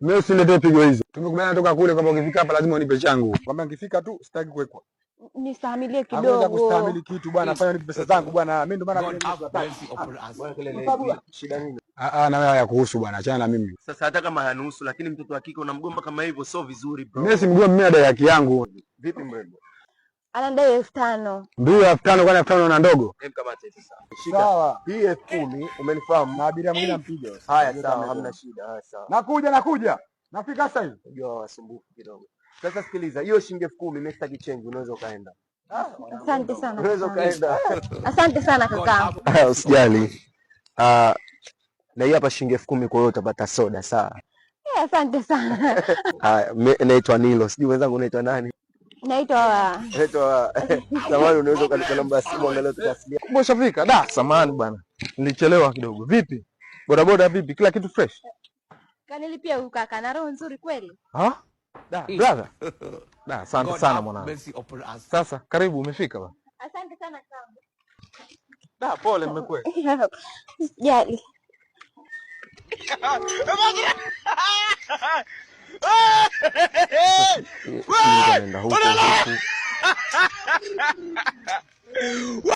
Mimi usiniletee pigo hizo. Tumekubaliana toka kule kwamba ukifika hapa lazima unipe changu. Kwamba nikifika tu sitaki kuwekwa. Nistahimilie kidogo. Naweza kustahimili kitu bwana, fanya nipe pesa zangu bwana. Mimi ndo maana ah, shida nini? Ah ah, na wewe hayakuhusu bwana, achana na mimi. Sasa hata kama hayanuhusu, lakini mtoto wa kike unamgomba kama hivyo sio vizuri bro. Mimi simgombi, mimi ada yake yangu. Vipi mrembo? anadai elfu tano mbio elfu tano kwani elfu tano na ndogo sawa. Hii elfu kumi umenifahamu, na abiria mwingine ampiga. Haya sawa, hamna shida. Haya sawa, nakuja nakuja, nafika sasa hivi. Unajua wasumbufu kidogo. Sasa sikiliza, hiyo shilingi elfu kumi unaweza ukaenda. Ah, asante sana, unaweza ukaenda. Asante sana kaka, ah, usijali. Ah, na hii hapa shilingi elfu kumi kwa hiyo utapata soda, sawa? Eh, asante sana. Naitwa Nilo, sijui unaitwa nani? Naitwa wa. Umeshafika? Da, samani bwana. Nilichelewa kidogo. Vipi? Bodaboda vipi? Kila kitu fresh? Kanilipia huyu kaka na roho nzuri kweli. Ha? Da, brother. Da, asante sana mwanangu. Sasa karibu umefika bwana. Asante sana kaka. Da, pole mmekwe. Sijali. kulingana na huko huku